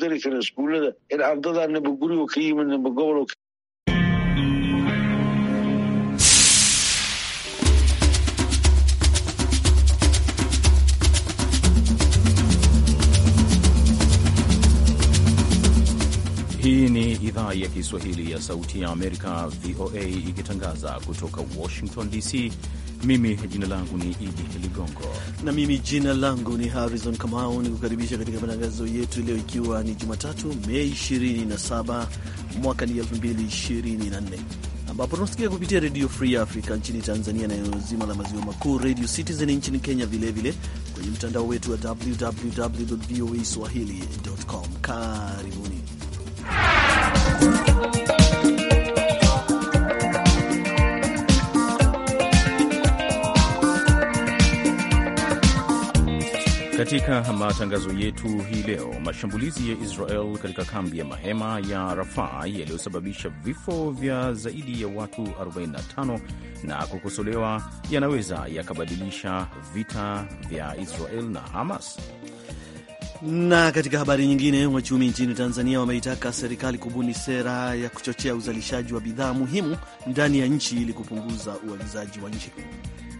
dari kara iskuullada in ardadaa naba ka yimid naba Hii ni idhaa ya Kiswahili ya Sauti ya Amerika, VOA, ikitangaza kutoka Washington DC. Mimi jina langu ni Idi Ligongo na mimi jina langu ni Harrison Kamau, ni kukaribisha katika matangazo yetu leo, ikiwa ni Jumatatu Mei 27 mwaka ni 2024 ambapo tunasikia kupitia Redio Free Africa nchini Tanzania na eneo zima la maziwa makuu, Radio Citizen nchini Kenya, vilevile kwenye mtandao wetu wa www voa swahili.com. Karibuni. Katika matangazo yetu hii leo, mashambulizi ya Israel katika kambi ya mahema ya Rafaa yaliyosababisha vifo vya zaidi ya watu 45 na kukosolewa yanaweza yakabadilisha vita vya Israel na Hamas. Na katika habari nyingine, wachumi nchini Tanzania wameitaka serikali kubuni sera ya kuchochea uzalishaji wa bidhaa muhimu ndani ya nchi ili kupunguza uagizaji wa nje.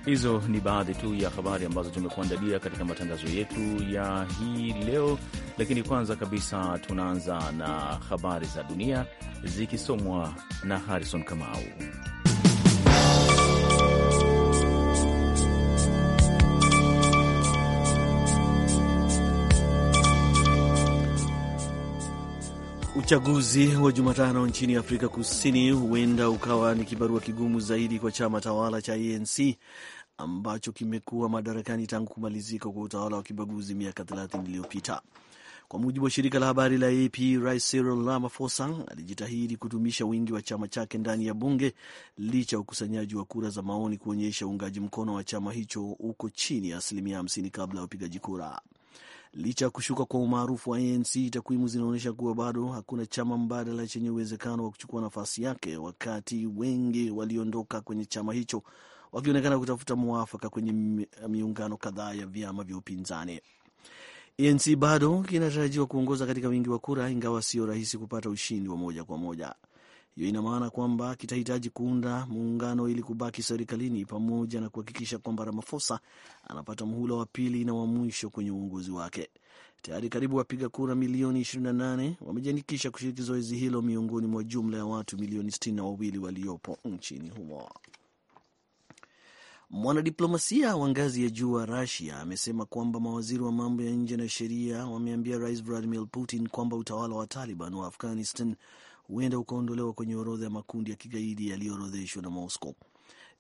Hizo ni baadhi tu ya habari ambazo tumekuandalia katika matangazo yetu ya hii leo, lakini kwanza kabisa tunaanza na habari za dunia zikisomwa na Harrison Kamau. Uchaguzi wa Jumatano nchini Afrika Kusini huenda ukawa ni kibarua kigumu zaidi kwa chama tawala cha ANC ambacho kimekuwa madarakani tangu kumalizika kwa utawala wa kibaguzi miaka 30 iliyopita. Kwa mujibu wa shirika la habari la AP, Rais Cyril Ramaphosa alijitahidi kudumisha wingi wa chama chake ndani ya bunge licha ya ukusanyaji wa kura za maoni kuonyesha uungaji mkono wa chama hicho uko chini ya asilimia 50 kabla ya upigaji kura. Licha ya kushuka kwa umaarufu wa ANC, takwimu zinaonyesha kuwa bado hakuna chama mbadala chenye uwezekano wa kuchukua nafasi yake, wakati wengi waliondoka kwenye chama hicho wakionekana kutafuta mwafaka kwenye miungano kadhaa ya vyama vya upinzani. ANC bado kinatarajiwa kuongoza katika wingi wa kura, ingawa sio rahisi kupata ushindi wa moja kwa moja. Hiyo ina maana kwamba kitahitaji kuunda muungano ili kubaki serikalini pamoja na kuhakikisha kwamba ramafosa anapata muhula wa pili na wa mwisho kwenye uongozi wake. Tayari karibu wapiga kura milioni 28 wamejiandikisha kushiriki zoezi hilo miongoni mwa jumla ya watu milioni sitini na wawili waliopo nchini humo. Mwanadiplomasia wa ngazi ya juu wa Rusia amesema kwamba mawaziri wa mambo ya nje na sheria wameambia Rais Vladimir Putin kwamba utawala wa Taliban wa Afghanistan huenda ukaondolewa kwenye orodha ya makundi ya kigaidi yaliyoorodheshwa na Moscow.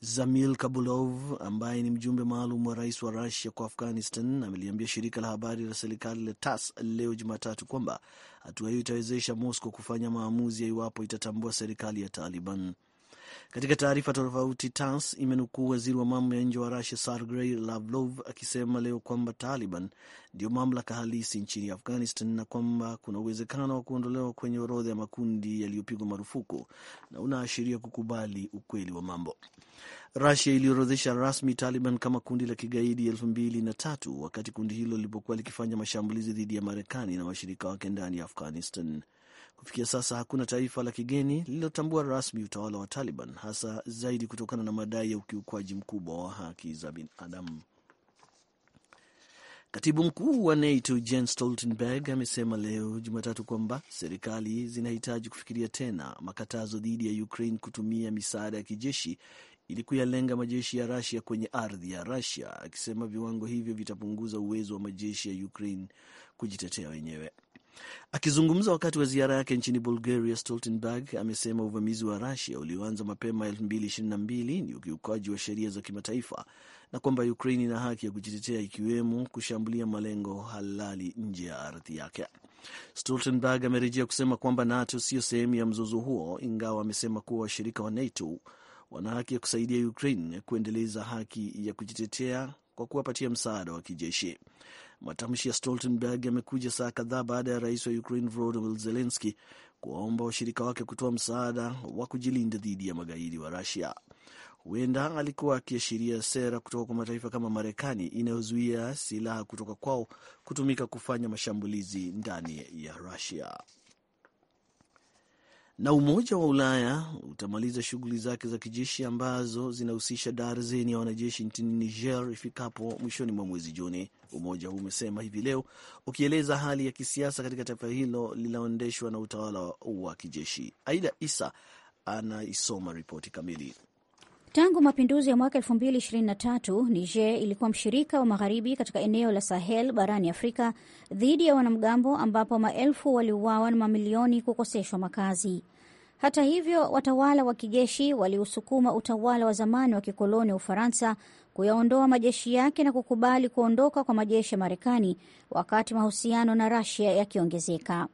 Zamil Kabulov ambaye ni mjumbe maalum wa rais wa Rusia kwa Afghanistan ameliambia shirika la habari la serikali la tas leo Jumatatu kwamba hatua hiyo itawezesha Moscow kufanya maamuzi ya iwapo itatambua serikali ya Taliban. Katika taarifa tofauti, TASS imenukuu waziri wa mambo ya nje wa Rusia Sergey Lavrov akisema leo kwamba Taliban ndio mamlaka halisi nchini Afghanistan na kwamba kuna uwezekano wa kuondolewa kwenye orodha ya makundi yaliyopigwa marufuku na unaashiria kukubali ukweli wa mambo. Rusia iliorodhesha rasmi Taliban kama kundi la kigaidi elfu mbili na tatu wakati kundi hilo lilipokuwa likifanya mashambulizi dhidi ya Marekani na washirika wake ndani ya Afghanistan. Kufikia sasa hakuna taifa la kigeni lililotambua rasmi utawala wa Taliban, hasa zaidi kutokana na madai ya ukiukwaji mkubwa wa haki za binadamu. Katibu mkuu wa NATO Jens Stoltenberg amesema leo Jumatatu kwamba serikali zinahitaji kufikiria tena makatazo dhidi ya Ukraine kutumia misaada ya kijeshi ili kuyalenga majeshi ya Rusia kwenye ardhi ya Rusia, akisema viwango hivyo vitapunguza uwezo wa majeshi ya Ukraine kujitetea wenyewe. Akizungumza wakati wa ziara yake nchini Bulgaria, Stoltenberg amesema uvamizi wa Rusia ulioanza mapema 2022 ni ukiukaji wa sheria za kimataifa na kwamba Ukraine ina haki ya kujitetea, ikiwemo kushambulia malengo halali nje ya ardhi yake. Stoltenberg amerejea kusema kwamba NATO siyo sehemu ya mzozo huo, ingawa amesema kuwa washirika wa NATO wana haki ya kusaidia Ukraine kuendeleza haki ya kujitetea kwa kuwapatia msaada wa kijeshi. Matamshi ya Stoltenberg yamekuja saa kadhaa baada ya rais wa Ukraine Volodymyr Zelensky kuwaomba washirika wake kutoa msaada wa kujilinda dhidi ya magaidi wa Rusia. Huenda alikuwa akiashiria sera kutoka kwa mataifa kama Marekani inayozuia silaha kutoka kwao kutumika kufanya mashambulizi ndani ya Rusia na Umoja wa Ulaya utamaliza shughuli zake za kijeshi ambazo zinahusisha darzeni ya wanajeshi nchini Niger ifikapo mwishoni mwa mwezi Juni, umoja huu umesema hivi leo, ukieleza hali ya kisiasa katika taifa hilo linaoendeshwa na utawala wa kijeshi. Aida Isa anaisoma ripoti kamili. Tangu mapinduzi ya mwaka 2023 Niger ilikuwa mshirika wa magharibi katika eneo la Sahel barani Afrika dhidi ya wanamgambo, ambapo maelfu waliuawa na mamilioni kukoseshwa makazi. Hata hivyo, watawala wa kijeshi waliusukuma utawala wa zamani wa kikoloni wa Ufaransa kuyaondoa majeshi yake na kukubali kuondoka kwa majeshi ya Marekani, wakati mahusiano na Rasia yakiongezeka.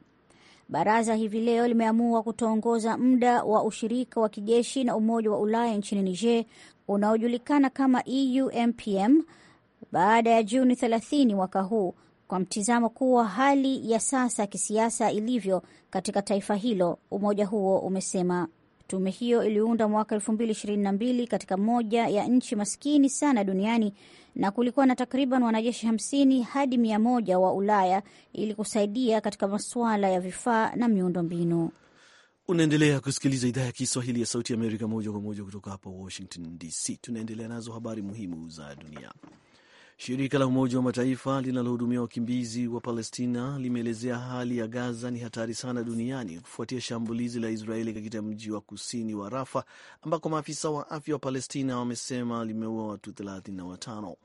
Baraza hivi leo limeamua kutoongoza muda wa ushirika wa kijeshi na Umoja wa Ulaya nchini Niger unaojulikana kama EUMPM baada ya Juni 30 mwaka huu kwa mtizamo kuwa hali ya sasa ya kisiasa ilivyo katika taifa hilo, umoja huo umesema. Tume hiyo iliunda mwaka 2022 katika moja ya nchi maskini sana duniani na kulikuwa na takriban wanajeshi hamsini hadi mia moja wa Ulaya ili kusaidia katika masuala ya vifaa na miundo mbinu Unaendelea kusikiliza idhaa ya Kiswahili ya Sauti ya Amerika moja kwa moja kutoka hapa Washington DC. Tunaendelea nazo habari muhimu za dunia. Shirika la Umoja wa Mataifa linalohudumia wakimbizi wa Palestina limeelezea hali ya Gaza ni hatari sana duniani kufuatia shambulizi la Israeli katika mji wa kusini wa Rafa, ambako maafisa wa afya wa Palestina wamesema limeua watu 35.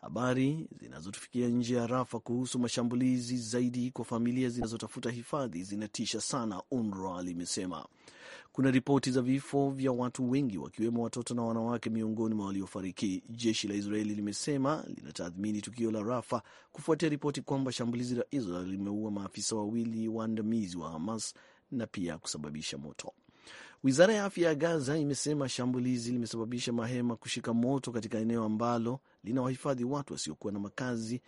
Habari zinazotufikia nje ya Rafa kuhusu mashambulizi zaidi kwa familia zinazotafuta hifadhi zinatisha sana, UNRWA limesema kuna ripoti za vifo vya watu wengi wakiwemo watoto na wanawake miongoni mwa waliofariki. Jeshi la Israeli limesema linatathmini tukio la Rafa kufuatia ripoti kwamba shambulizi la Israel limeua maafisa wawili waandamizi wa Hamas na pia kusababisha moto. Wizara ya afya ya Gaza imesema shambulizi limesababisha mahema kushika moto katika eneo ambalo linawahifadhi watu wasiokuwa na makazi,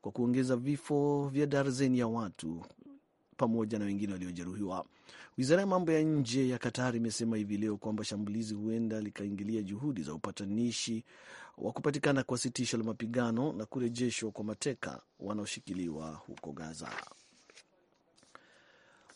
kwa kuongeza vifo vya darzeni ya watu pamoja na wengine waliojeruhiwa. Wizara ya mambo ya nje ya Qatar imesema hivi leo kwamba shambulizi huenda likaingilia juhudi za upatanishi wa kupatikana kwa sitisho la mapigano na kurejeshwa kwa mateka wanaoshikiliwa huko Gaza.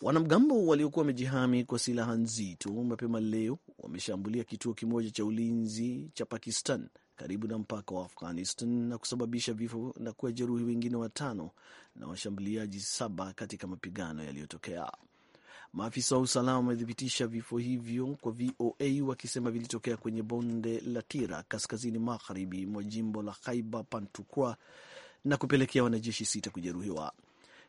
Wanamgambo waliokuwa wamejihami kwa silaha nzito mapema leo wameshambulia kituo kimoja cha ulinzi cha Pakistan karibu na mpaka wa Afghanistan na kusababisha vifo na kuwajeruhi wengine watano na washambuliaji saba katika mapigano yaliyotokea. Maafisa wa usalama wamethibitisha vifo hivyo kwa VOA wakisema vilitokea kwenye bonde la Tira kaskazini magharibi mwa jimbo la haiba Pantukwa na kupelekea wanajeshi sita kujeruhiwa.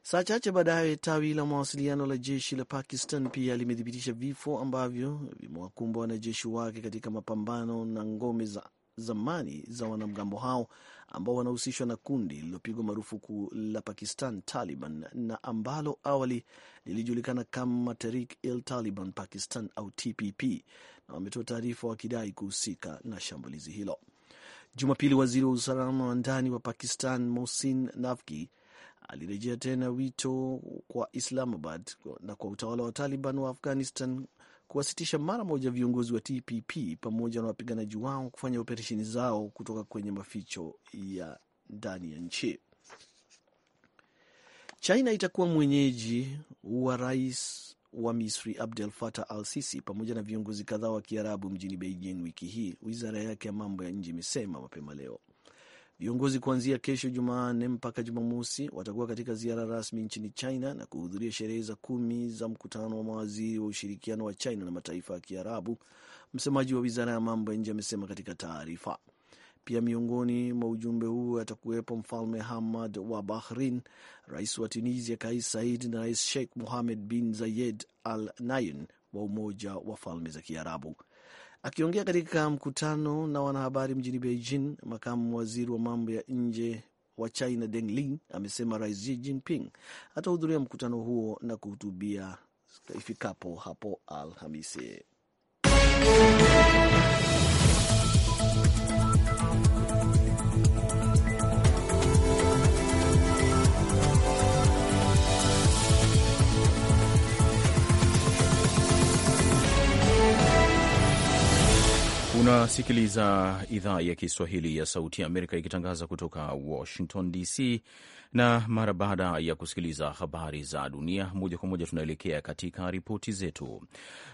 Saa chache baadaye tawi la mawasiliano la jeshi la Pakistan pia limethibitisha vifo ambavyo vimewakumba wanajeshi wake katika mapambano na ngome za zamani za wanamgambo hao ambao wanahusishwa na kundi lililopigwa marufuku la Pakistan Taliban na ambalo awali lilijulikana kama tehreek il taliban Pakistan au TPP, na wametoa taarifa wakidai kuhusika na shambulizi hilo. Jumapili, waziri wa usalama wa ndani wa Pakistan Mohsin Naqvi alirejea tena wito kwa Islamabad na kwa utawala wa Taliban wa Afghanistan kuwasitisha mara moja viongozi wa TPP pamoja na wapiganaji wao kufanya operesheni zao kutoka kwenye maficho ya ndani ya nchi. China itakuwa mwenyeji wa rais wa Misri Abdel Fattah al-Sisi pamoja na viongozi kadhaa wa Kiarabu mjini Beijing wiki hii, wizara yake ya mambo ya nje imesema mapema leo. Viongozi kuanzia kesho Jumanne mpaka Jumamosi watakuwa katika ziara rasmi nchini China na kuhudhuria sherehe za kumi za mkutano wa mawaziri wa ushirikiano wa China na mataifa ya Kiarabu, msemaji wa wizara ya mambo ya nje amesema katika taarifa. Pia miongoni mwa ujumbe huu atakuwepo Mfalme Hamad wa Bahrain, rais wa Tunisia Kais said na rais Sheikh Mohammed bin Zayed Al Nahyan wa Umoja wa Falme za Kiarabu. Akiongea katika mkutano na wanahabari mjini Beijing, makamu waziri wa mambo ya nje wa China Deng Lin amesema Rais Xi Jinping atahudhuria mkutano huo na kuhutubia ifikapo hapo Alhamisi. Unasikiliza idhaa ya Kiswahili ya Sauti ya Amerika ikitangaza kutoka Washington DC, na mara baada ya kusikiliza habari za dunia moja kwa moja, tunaelekea katika ripoti zetu.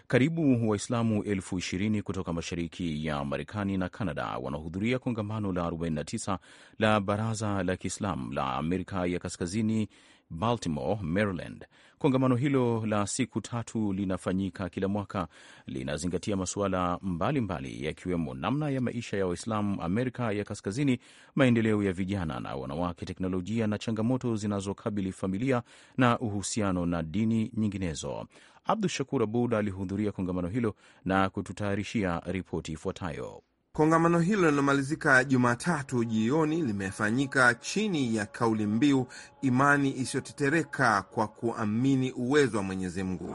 Karibu Waislamu elfu ishirini kutoka mashariki ya Marekani na Kanada wanahudhuria kongamano la 49 la Baraza la Kiislamu la Amerika ya Kaskazini Baltimore, Maryland. Kongamano hilo la siku tatu linafanyika kila mwaka, linazingatia masuala mbalimbali yakiwemo namna ya maisha ya Waislamu Amerika ya Kaskazini, maendeleo ya vijana na wanawake, teknolojia na changamoto zinazokabili familia na uhusiano na dini nyinginezo. Abdu Shakur Abud alihudhuria kongamano hilo na kututayarishia ripoti ifuatayo. Kongamano hilo lililomalizika Jumatatu jioni limefanyika chini ya kauli mbiu imani isiyotetereka kwa kuamini uwezo wa Mwenyezi Mungu.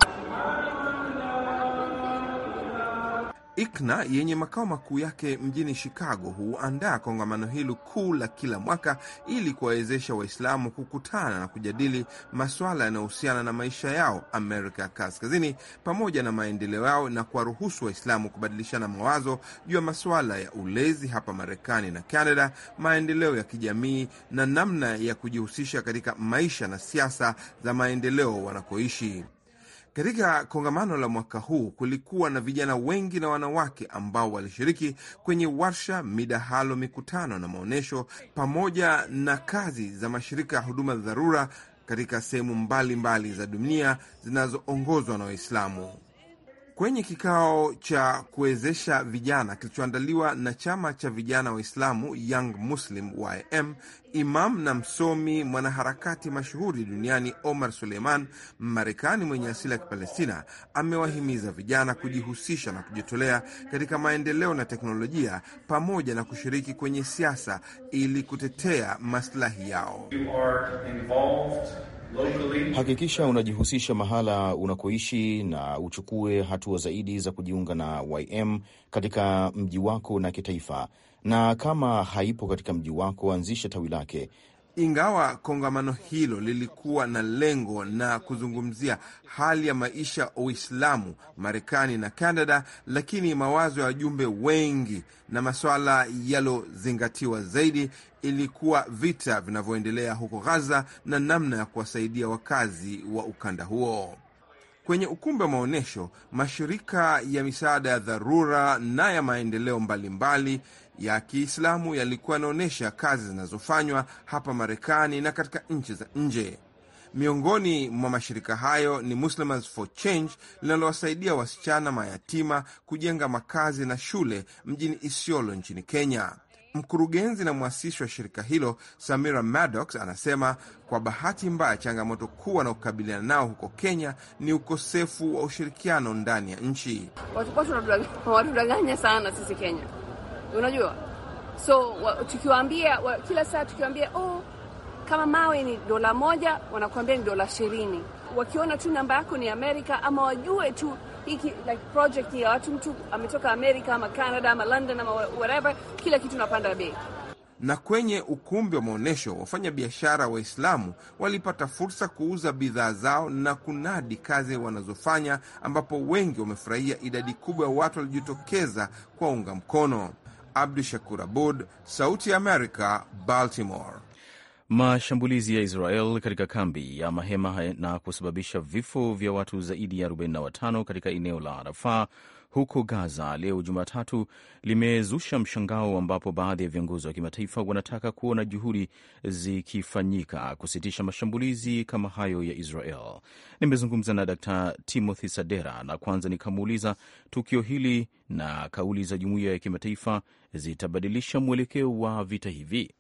ICNA yenye makao makuu yake mjini Chicago huandaa kongamano hili kuu la kila mwaka ili kuwawezesha Waislamu kukutana na kujadili masuala yanayohusiana na maisha yao Amerika Kaskazini pamoja na maendeleo yao na kuwaruhusu Waislamu kubadilishana mawazo juu ya masuala ya ulezi hapa Marekani na Canada, maendeleo ya kijamii na namna ya kujihusisha katika maisha na siasa za maendeleo wanakoishi. Katika kongamano la mwaka huu kulikuwa na vijana wengi na wanawake ambao walishiriki kwenye warsha, midahalo, mikutano na maonyesho, pamoja na kazi za mashirika ya huduma za dharura katika sehemu mbalimbali za dunia zinazoongozwa na Waislamu. Kwenye kikao cha kuwezesha vijana kilichoandaliwa na chama cha vijana Waislamu Young Muslim YM, imam na msomi mwanaharakati mashuhuri duniani Omar Suleiman, Marekani mwenye asili ya Kipalestina, amewahimiza vijana kujihusisha na kujitolea katika maendeleo na teknolojia pamoja na kushiriki kwenye siasa ili kutetea maslahi yao. Hakikisha unajihusisha mahala unakoishi na uchukue hatua zaidi za kujiunga na YM katika mji wako na kitaifa, na kama haipo katika mji wako, anzisha tawi lake. Ingawa kongamano hilo lilikuwa na lengo na kuzungumzia hali ya maisha Uislamu Marekani na canada lakini mawazo ya wajumbe wengi na masuala yalozingatiwa zaidi ilikuwa vita vinavyoendelea huko Gaza na namna ya kuwasaidia wakazi wa ukanda huo. Kwenye ukumbi wa maonyesho, mashirika ya misaada ya dharura na ya maendeleo mbalimbali mbali, ya Kiislamu yalikuwa yanaonyesha kazi zinazofanywa hapa Marekani na katika nchi za nje. Miongoni mwa mashirika hayo ni Muslims for Change linalowasaidia wasichana mayatima kujenga makazi na shule mjini Isiolo nchini Kenya. Mkurugenzi na mwasisi wa shirika hilo Samira Maddox anasema kwa bahati mbaya, changamoto kuu wanaokabiliana nao huko Kenya ni ukosefu wa ushirikiano ndani ya nchi. Watu kwa tunadanganya sana sisi Kenya unajua so tukiwaambia kila saa tukiwaambia oh, kama mawe ni dola moja, wanakuambia ni dola ishirini. Wakiona tu namba yako ni Amerika ama wajue tu hiki like project ya watu, mtu ametoka Amerika ama Canada ama London ama whatever, kila kitu napanda bei. Na kwenye ukumbi wa maonyesho, wafanyabiashara Waislamu walipata fursa kuuza bidhaa zao na kunadi kazi wanazofanya, ambapo wengi wamefurahia idadi kubwa ya watu waliojitokeza unga mkono. Abdu Shakur Abud, Sauti ya Amerika, Baltimore. Mashambulizi ya Israel katika kambi ya mahema na kusababisha vifo vya watu zaidi ya 45 katika eneo la arafa huko Gaza leo Jumatatu limezusha mshangao, ambapo baadhi ya viongozi wa kimataifa wanataka kuona juhudi zikifanyika kusitisha mashambulizi kama hayo ya Israel. Nimezungumza na Dr. Timothy Sadera na kwanza nikamuuliza tukio hili na kauli za jumuiya ya kimataifa zitabadilisha mwelekeo wa vita hivi.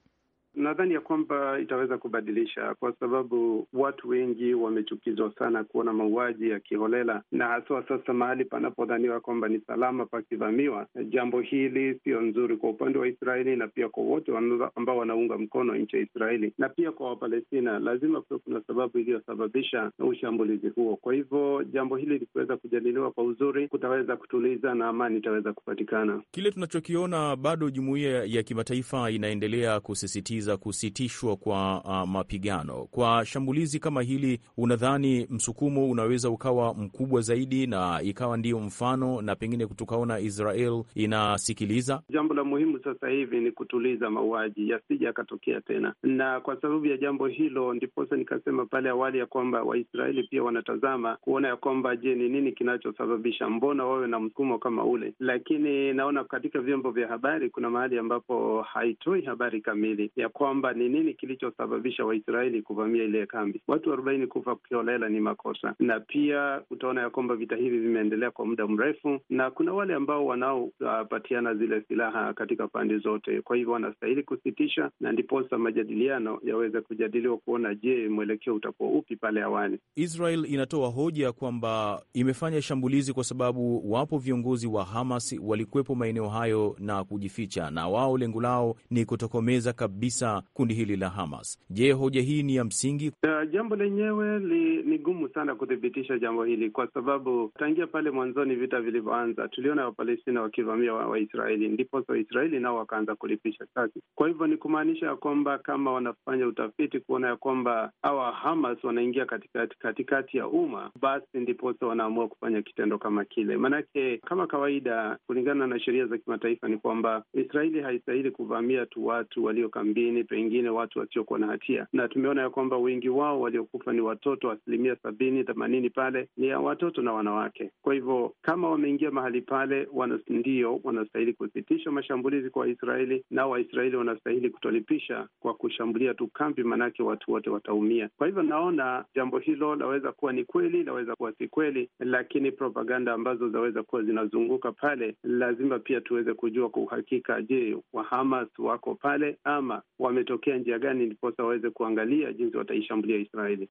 Nadhani ya kwamba itaweza kubadilisha, kwa sababu watu wengi wamechukizwa sana kuona mauaji ya kiholela, na haswa sasa mahali panapodhaniwa kwamba ni salama pakivamiwa. Jambo hili sio nzuri kwa upande wa Israeli na pia kwa wote ambao wanaunga mkono nchi ya Israeli na pia kwa Wapalestina. Lazima kuwe kuna sababu iliyosababisha ushambulizi huo. Kwa hivyo jambo hili likiweza kujadiliwa kwa uzuri, kutaweza kutuliza na amani itaweza kupatikana. Kile tunachokiona bado, jumuiya ya kimataifa inaendelea kusisitiza za kusitishwa kwa uh, mapigano. Kwa shambulizi kama hili, unadhani msukumo unaweza ukawa mkubwa zaidi na ikawa ndiyo mfano na pengine tukaona Israel inasikiliza? Jambo la muhimu sasa hivi ni kutuliza mauaji yasija yakatokea tena, na kwa sababu ya jambo hilo ndiposa nikasema pale awali ya kwamba Waisraeli pia wanatazama kuona ya kwamba je, ni nini kinachosababisha, mbona wawe na msukumo kama ule? Lakini naona katika vyombo vya habari kuna mahali ambapo haitoi habari kamili ya kwamba ni nini kilichosababisha Waisraeli kuvamia ile kambi. Watu arobaini kufa kiholela ni makosa, na pia utaona ya kwamba vita hivi vimeendelea kwa muda mrefu, na kuna wale ambao wanaopatiana uh, zile silaha katika pande zote. Kwa hivyo wanastahili kusitisha, na ndiposa majadiliano yaweze kujadiliwa kuona, je, mwelekeo utakuwa upi pale awali. Israel inatoa hoja kwamba imefanya shambulizi kwa sababu wapo viongozi wa Hamas walikuwepo maeneo hayo na kujificha, na wao lengo lao ni kutokomeza kabisa kabisa kundi hili la Hamas. Je, hoja hii ni ya msingi? Uh, jambo lenyewe li, ni gumu sana kuthibitisha jambo hili kwa sababu tangia pale mwanzoni vita vilivyoanza tuliona Wapalestina wakivamia Waisraeli wa ndipo Waisraeli nao wakaanza kulipisha kazi Kwa hivyo ni kumaanisha ya kwamba kama wanafanya utafiti kuona ya kwamba hawa Hamas wanaingia katikati katikati ya umma, basi ndiposa wanaamua kufanya kitendo kama kile. Maanake kama kawaida, kulingana na sheria za kimataifa ni kwamba Israeli haistahili kuvamia tu watu walio kambini themanini pengine watu wasiokuwa na hatia, na tumeona ya kwamba wengi wao waliokufa ni watoto, asilimia sabini themanini pale ni ya watoto na wanawake. Kwa hivyo kama wameingia mahali pale, ndio wanastahili kusitisha mashambulizi kwa Waisraeli, nao Waisraeli wanastahili kutolipisha kwa kushambulia tu kambi, maanake watu wote wataumia. Kwa hivyo naona jambo hilo laweza kuwa ni kweli, laweza kuwa si kweli, lakini propaganda ambazo zaweza kuwa zinazunguka pale, lazima pia tuweze kujua kwa uhakika, je, Wahamas wako pale ama wametokea njia gani, ndiposa waweze kuangalia jinsi wataishambulia Israeli.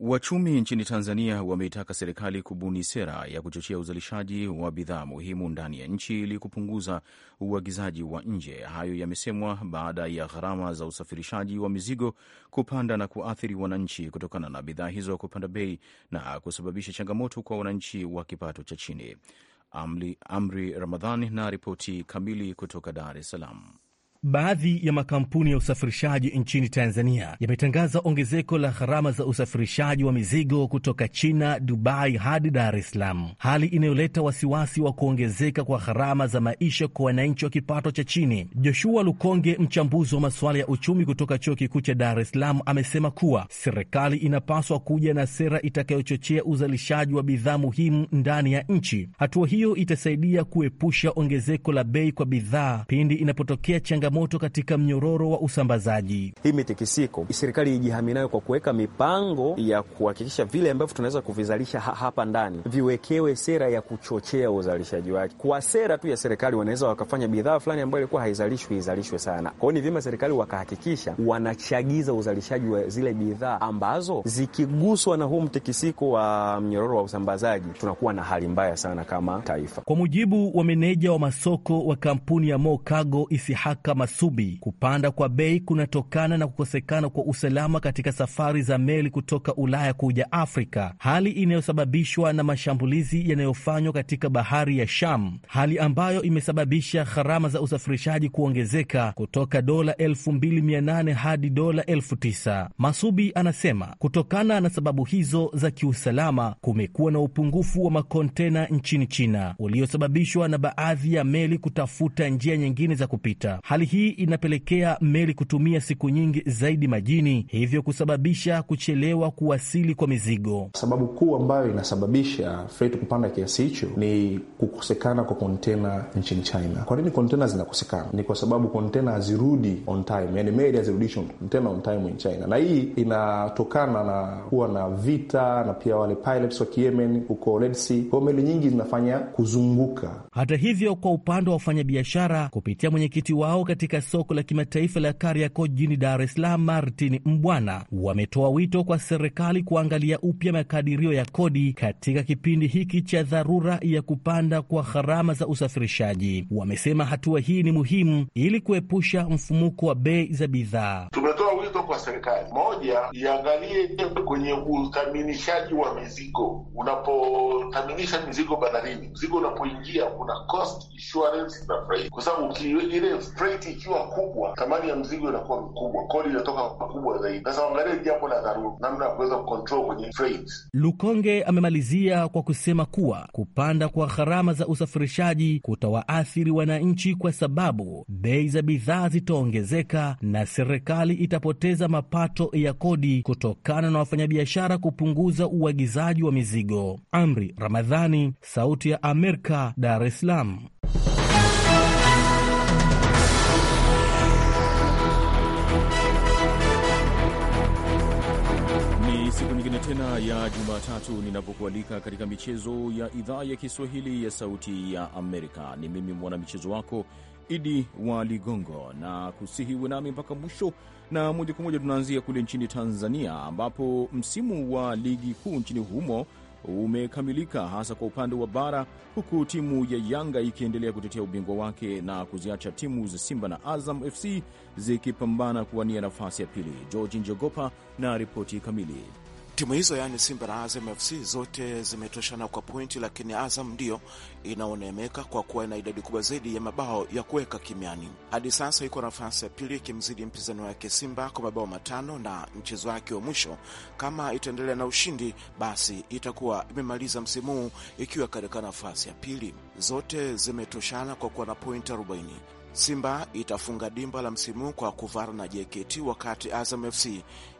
Wachumi nchini Tanzania wameitaka serikali kubuni sera ya kuchochea uzalishaji wa bidhaa muhimu ndani ya nchi ili kupunguza uagizaji wa nje. Hayo yamesemwa baada ya gharama za usafirishaji wa mizigo kupanda na kuathiri wananchi kutokana na bidhaa hizo kupanda bei na kusababisha changamoto kwa wananchi wa kipato cha chini. Amri Ramadhani na ripoti kamili kutoka Dar es Salaam. Baadhi ya makampuni ya usafirishaji nchini Tanzania yametangaza ongezeko la gharama za usafirishaji wa mizigo kutoka China, Dubai hadi Dar es Salaam, hali inayoleta wasiwasi wa kuongezeka kwa gharama za maisha kwa wananchi wa kipato cha chini. Joshua Lukonge, mchambuzi wa masuala ya uchumi kutoka Chuo Kikuu cha Dar es Salaam, amesema kuwa serikali inapaswa kuja na sera itakayochochea uzalishaji wa bidhaa muhimu ndani ya nchi. Hatua hiyo itasaidia kuepusha ongezeko la bei kwa bidhaa pindi inapotokea changa changamoto katika mnyororo wa usambazaji. Hii mitikisiko serikali ijihami nayo kwa kuweka mipango ya kuhakikisha vile ambavyo tunaweza kuvizalisha ha hapa ndani viwekewe sera ya kuchochea uzalishaji wake. Kwa sera tu ya serikali wanaweza wakafanya bidhaa fulani ambayo ilikuwa haizalishwi izalishwe sana. Kwa hiyo ni vyema serikali wakahakikisha wanachagiza uzalishaji wa zile bidhaa ambazo zikiguswa na huu mtikisiko wa mnyororo wa usambazaji tunakuwa na hali mbaya sana kama taifa. Kwa mujibu wa meneja wa masoko wa kampuni ya Mo Cargo Isihaka Mathubi, kupanda kwa bei kunatokana na kukosekana kwa usalama katika safari za meli kutoka Ulaya kuja Afrika, hali inayosababishwa na mashambulizi yanayofanywa katika bahari ya Sham, hali ambayo imesababisha gharama za usafirishaji kuongezeka kutoka dola 2800 hadi dola 9000. Masubi anasema kutokana na sababu hizo za kiusalama, kumekuwa na upungufu wa makontena nchini China uliosababishwa na baadhi ya meli kutafuta njia nyingine za kupita. Hali hii inapelekea meli kutumia siku nyingi zaidi majini, hivyo kusababisha kuchelewa kuwasili kwa mizigo. Sababu kuu ambayo inasababisha freight kupanda kiasi hicho ni kukosekana kwa kontena nchini China. Kwa nini kontena zinakosekana? Ni kwa sababu kontena hazirudi on time, yani meli hazirudishi kontena on time in China, na hii inatokana na kuwa na vita na pia wale pilots wa Yemen huko Red Sea, kwao meli nyingi zinafanya kuzunguka. Hata hivyo, kwa upande wa wafanyabiashara kupitia mwenyekiti wao katika soko la kimataifa la Kariakoo jijini Dar es Salaam, Martin Mbwana, wametoa wito kwa serikali kuangalia upya makadirio ya kodi katika kipindi hiki cha dharura ya kupanda kwa gharama za usafirishaji. Wamesema hatua hii ni muhimu ili kuepusha mfumuko wa bei za bidhaa. Tumetoa wito kwa serikali, moja, iangalie kwenye uthaminishaji wa mizigo. unapothaminisha mizigo bandarini, mzigo unapoingia kuna cost insurance na freight, kwa sababu ile freight kesi ikiwa kubwa, thamani ya mzigo inakuwa mkubwa, kodi inatoka kubwa zaidi. Sasa angalie jambo la dharura, namna ya kuweza kukontrol kwenye freight. Lukonge amemalizia kwa kusema kuwa kupanda kwa gharama za usafirishaji kutawaathiri wananchi kwa sababu bei za bidhaa zitaongezeka na serikali itapoteza mapato ya kodi kutokana na wafanyabiashara kupunguza uagizaji wa mizigo. Amri Ramadhani, Sauti ya Amerika, Dar es Salaam. siku nyingine tena ya Jumatatu ninapokualika katika michezo ya idhaa ya Kiswahili ya Sauti ya Amerika. Ni mimi mwanamichezo wako Idi wa Ligongo na kusihi uwe nami mpaka mwisho. Na moja kwa moja tunaanzia kule nchini Tanzania, ambapo msimu wa ligi kuu nchini humo umekamilika hasa kwa upande wa bara, huku timu ya Yanga ikiendelea kutetea ubingwa wake na kuziacha timu za Simba na Azam FC zikipambana kuwania nafasi ya pili. George Njogopa na ripoti kamili. Timu hizo yaani Simba na Azam FC zote zimetoshana kwa pointi, lakini Azam ndiyo inaonemeka kwa kuwa ina idadi kubwa zaidi ya mabao ya kuweka kimiani. Hadi sasa iko nafasi ya pili ikimzidi mpinzani wake Simba kwa mabao matano, na mchezo wake wa mwisho kama itaendelea na ushindi, basi itakuwa imemaliza msimu huu ikiwa katika nafasi ya pili. Zote zimetoshana kwa kuwa na pointi 40. Simba itafunga dimba la msimu kwa kuvara na JKT wakati Azam FC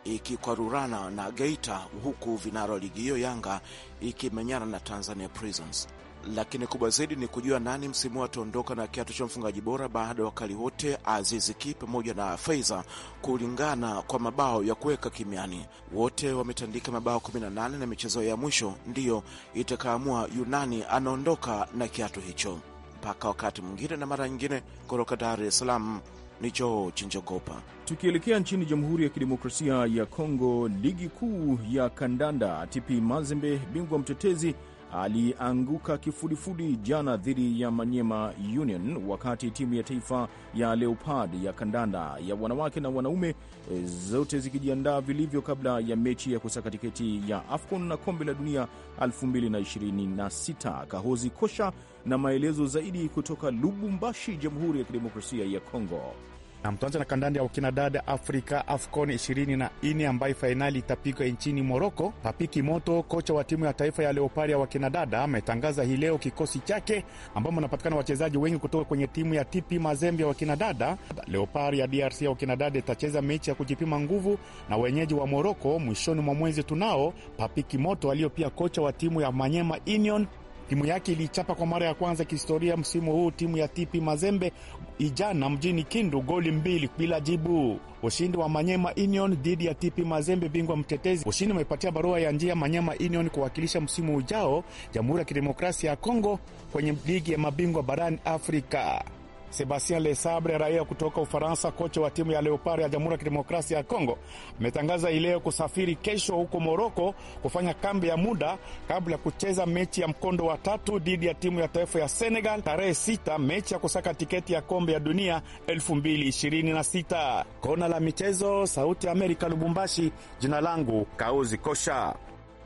ikikwarurana na Geita, huku vinara ligi hiyo Yanga ikimenyana na Tanzania Prisons. Lakini kubwa zaidi ni kujua nani msimu ataondoka na kiatu cha mfungaji bora baada ya wakali wote Azizi Ki pamoja na Faiza kulingana kwa mabao ya kuweka kimiani. Wote wametandika mabao 18 na michezo ya mwisho ndiyo itakaamua Yunani anaondoka na kiatu hicho mpaka wakati mwingine na mara nyingine. Kutoka Dar es Salaam ni choo Chinjogopa. Tukielekea nchini Jamhuri ya Kidemokrasia ya Kongo, ligi kuu ya kandanda, TP Mazembe bingwa mtetezi alianguka kifudifudi jana dhidi ya Manyema Union wakati timu ya taifa ya Leopard ya kandanda ya wanawake na wanaume e, zote zikijiandaa vilivyo kabla ya mechi ya kusaka tiketi ya AFCON na kombe la dunia 2026. Kahozi Kosha na maelezo zaidi kutoka Lubumbashi, Jamhuri ya Kidemokrasia ya Kongo. Na mtuanza na kandanda ya wakinadada Afrika AFCON 24 ambayo fainali itapigwa nchini Moroko. Papiki Moto, kocha wa timu ya taifa ya Leopari ya wakinadada, ametangaza hii leo kikosi chake ambamo wanapatikana wachezaji wengi kutoka kwenye timu ya TP Mazembe ya wakinadada. Leopari ya DRC ya wakinadada itacheza mechi ya kujipima nguvu na wenyeji wa Moroko mwishoni mwa mwezi. Tunao Papiki Moto aliyo pia kocha wa timu ya Manyema Union Timu yake ilichapa kwa mara ya kwanza kihistoria msimu huu timu ya TP Mazembe ijana mjini Kindu goli mbili bila jibu. Ushindi wa Manyema Union dhidi ya TP Mazembe, bingwa mtetezi. Ushindi umeipatia barua ya njia Manyema Union kuwakilisha msimu ujao Jamhuri ya Kidemokrasia ya Kongo kwenye ligi ya mabingwa barani Afrika. Sebastien Lesabre, raia kutoka Ufaransa, kocha wa timu ya Leopard ya Jamhuri ya Kidemokrasia ya Kongo, ametangaza ileo kusafiri kesho huko Moroko kufanya kambi ya muda kabla ya kucheza mechi ya mkondo wa tatu dhidi ya timu ya taifa ya Senegal tarehe sita, mechi ya kusaka tiketi ya kombe ya dunia 2026. Kona la michezo, Sauti ya Amerika, Lubumbashi. Jina langu Kauzi Kosha.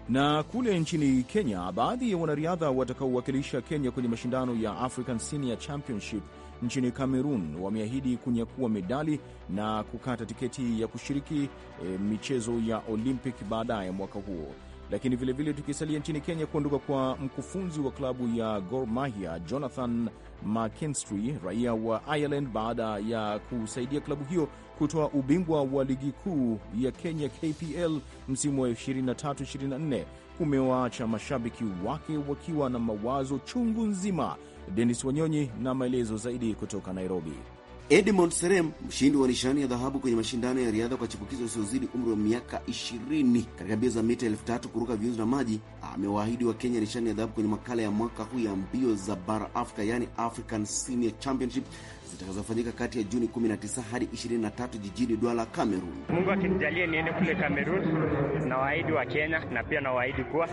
Na kule nchini Kenya, baadhi ya wanariadha watakaowakilisha Kenya kwenye mashindano ya African Senior Championship nchini cameroon wameahidi kunyakua medali na kukata tiketi ya kushiriki e, michezo ya Olympic baadaye mwaka huo. Lakini vilevile tukisalia nchini Kenya, kuondoka kwa mkufunzi wa klabu ya Gor Mahia Jonathan McKinstry, raia wa Ireland, baada ya kusaidia klabu hiyo kutoa ubingwa wa ligi kuu ya Kenya KPL msimu wa 23-24 kumewaacha mashabiki wake wakiwa na mawazo chungu nzima. Denis Wanyonyi na maelezo zaidi kutoka Nairobi. Edmond Serem, mshindi wa nishani ya dhahabu kwenye mashindano ya riadha kwa chipukizo usiozidi umri wa miaka 20 katika mbio za mita elfu tatu kuruka viunzi na maji, amewaahidi wa Kenya nishani ya dhahabu kwenye makala ya mwaka huu ya mbio za bara Africa, yani African Senior Championship zitakazofanyika kati ya Juni 19 hadi 23 jijini duala Cameroon. Mungu akinijalie niende kule Cameroon na waahidi wa Kenya na pia na waahidi kuwa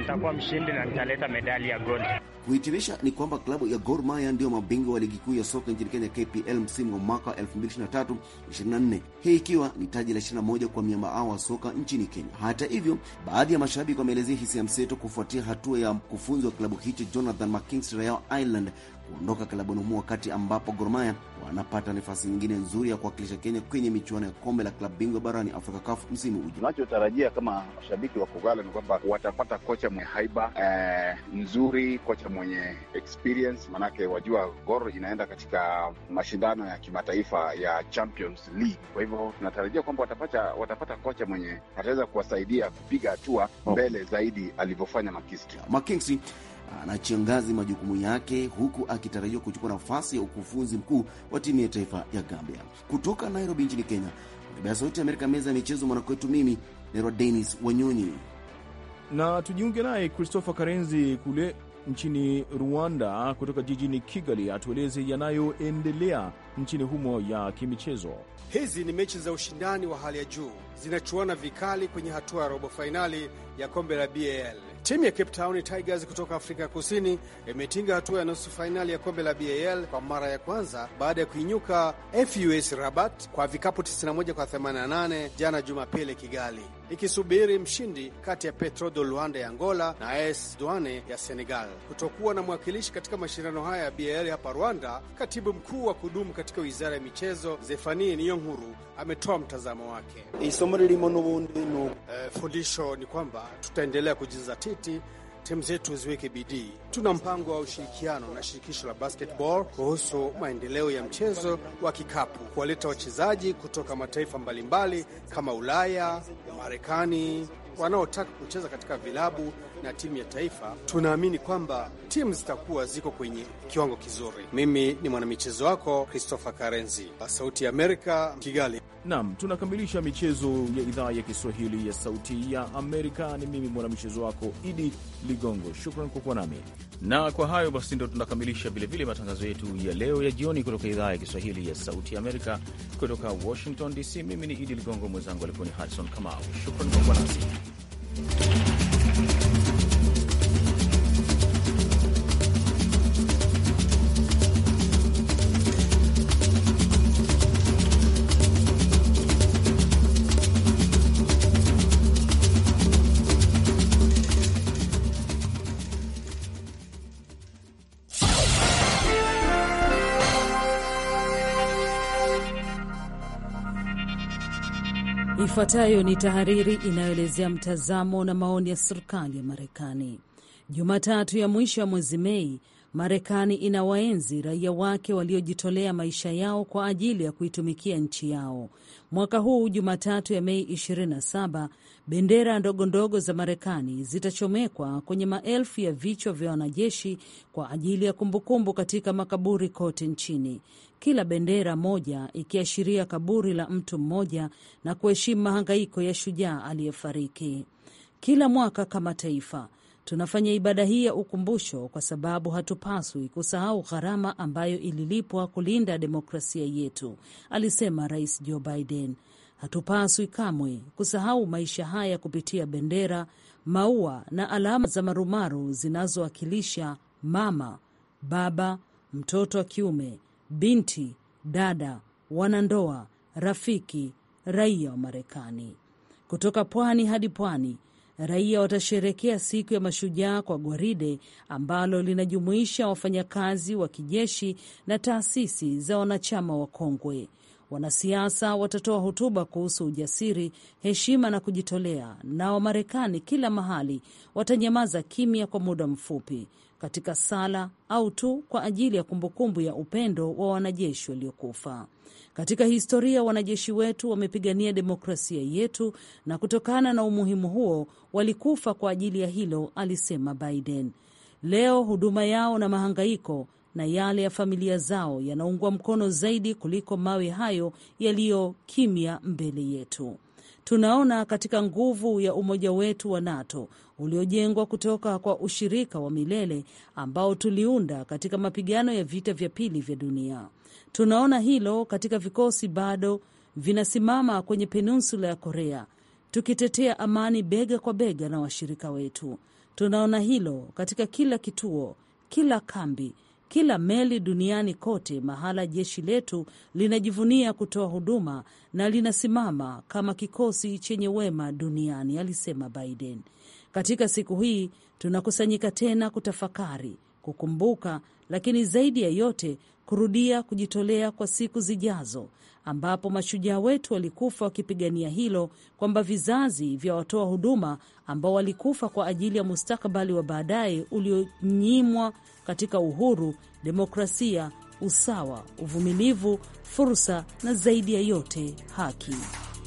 nitakuwa mshindi na nitaleta medali ya gold. Kuhitimisha ni kwamba klabu ya Gor Mahia ndiyo mabingwa wa ligi kuu ya soka nchini Kenya KPL msimu wa mwaka 2023 24, hii ikiwa ni taji la 21 kwa miamba hao wa soka nchini Kenya. Hata hivyo, baadhi ya mashabiki wameelezea hisia mseto kufuatia hatua ya mkufunzi wa klabu hicho Jonathan McKinsey Raia Island kuondoka klabuni humo, wakati ambapo Gor Mahia wanapata nafasi nyingine nzuri ya kuwakilisha Kenya kwenye michuano ya kombe la klabu bingwa barani Afrika kafu msimu ujao. Tunachotarajia kama mashabiki wa Kogalo ni kwamba watapata kocha mwenye haiba eh, nzuri, kocha mwenye experience, manake wajua Gor inaenda katika mashindano ya kimataifa ya Champions League. Kwa hivyo tunatarajia kwamba watapata, watapata kocha mwenye ataweza kuwasaidia kupiga hatua oh. mbele zaidi alivyofanya Makingsi anachiangazi majukumu yake huku akitarajiwa kuchukua nafasi ya ukufunzi mkuu wa timu ya taifa ya Gambia. Kutoka Nairobi nchini Kenya, niaba Sauti ya Amerika, meza ya michezo, mwanakwetu mimi Nero Denis Wanyonyi. Na tujiunge naye Christopher Karenzi kule nchini Rwanda, kutoka jijini Kigali, atueleze yanayoendelea nchini humo ya kimichezo. Hizi ni mechi za ushindani wa hali ya juu zinachuana vikali kwenye hatua ya robo fainali ya kombe la BAL. Timu ya Cape Town Tigers kutoka Afrika Kusini imetinga hatua ya nusu fainali ya kombe la BAL kwa mara ya kwanza baada ya kuinyuka FUS Rabat kwa vikapu 91 kwa 88 jana Jumapili Kigali ikisubiri mshindi kati ya Petro de Luanda ya Angola na AS Douane ya Senegal. Kutokuwa na mwakilishi katika mashindano haya ya BAL hapa Rwanda, katibu mkuu wa kudumu katika wizara ya michezo Zefanie Niyonkuru ametoa mtazamo wake. Isomo n'ubundi ni eh, fundisho, ni kwamba tutaendelea kujizatiti timu zetu ziweke bidii. Tuna mpango wa ushirikiano na shirikisho la basketball kuhusu maendeleo ya mchezo wa kikapu, kuwaleta wachezaji kutoka mataifa mbalimbali kama Ulaya, Marekani wanaotaka kucheza katika vilabu na timu ya taifa. Tunaamini kwamba timu zitakuwa ziko kwenye kiwango kizuri. Mimi ni mwanamichezo wako Christopher Karenzi, Sauti ya Amerika, Kigali. Naam, tunakamilisha michezo ya idhaa ya Kiswahili ya Sauti ya Amerika. Ni mimi mwanamichezo wako Idi Ligongo, shukran kwa kuwa nami na kwa hayo basi ndo tunakamilisha vilevile matangazo yetu ya leo ya jioni kutoka idhaa ya Kiswahili ya Sauti ya Amerika kutoka Washington DC. Mimi ni Idi Ligongo, mwenzangu alikuwa ni Harrison Kamau. Shukran kwa kuwa nasi. Ifuatayo ni tahariri inayoelezea mtazamo na maoni ya serikali ya Marekani. Jumatatu ya mwisho ya mwezi Mei, Marekani inawaenzi raia wake waliojitolea maisha yao kwa ajili ya kuitumikia nchi yao. Mwaka huu Jumatatu ya Mei 27 bendera ndogo ndogo za Marekani zitachomekwa kwenye maelfu ya vichwa vya wanajeshi kwa ajili ya kumbukumbu katika makaburi kote nchini, kila bendera moja ikiashiria kaburi la mtu mmoja na kuheshimu mahangaiko ya shujaa aliyefariki. Kila mwaka kama taifa Tunafanya ibada hii ya ukumbusho kwa sababu hatupaswi kusahau gharama ambayo ililipwa kulinda demokrasia yetu, alisema Rais Joe Biden. Hatupaswi kamwe kusahau maisha haya kupitia bendera, maua na alama za marumaru zinazowakilisha mama, baba, mtoto wa kiume, binti, dada, wanandoa, rafiki, raia wa Marekani kutoka pwani hadi pwani raia watasherekea siku ya mashujaa kwa gwaride ambalo linajumuisha wafanyakazi wa kijeshi na taasisi za wanachama wa kongwe. Wanasiasa watatoa hotuba kuhusu ujasiri, heshima na kujitolea, na Wamarekani kila mahali watanyamaza kimya kwa muda mfupi katika sala au tu kwa ajili ya kumbukumbu ya upendo wa wanajeshi waliokufa. Katika historia, wanajeshi wetu wamepigania demokrasia yetu, na kutokana na umuhimu huo walikufa kwa ajili ya hilo, alisema Biden. Leo huduma yao na mahangaiko na yale ya familia zao yanaungwa mkono zaidi kuliko mawe hayo yaliyo kimya mbele yetu. Tunaona katika nguvu ya umoja wetu wa NATO uliojengwa kutoka kwa ushirika wa milele ambao tuliunda katika mapigano ya vita vya pili vya dunia. Tunaona hilo katika vikosi bado vinasimama kwenye peninsula ya Korea, tukitetea amani bega kwa bega na washirika wetu. Tunaona hilo katika kila kituo, kila kambi kila meli duniani kote, mahala jeshi letu linajivunia kutoa huduma na linasimama kama kikosi chenye wema duniani, alisema Biden. Katika siku hii tunakusanyika tena kutafakari, kukumbuka, lakini zaidi ya yote kurudia kujitolea kwa siku zijazo ambapo mashujaa wetu walikufa wakipigania hilo, kwamba vizazi vya watoa huduma ambao walikufa kwa ajili ya mustakabali wa baadaye ulionyimwa katika uhuru, demokrasia, usawa, uvumilivu, fursa na zaidi ya yote haki.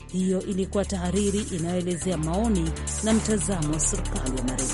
Hiyo ilikuwa tahariri inayoelezea maoni na mtazamo wa serikali ya Marekani.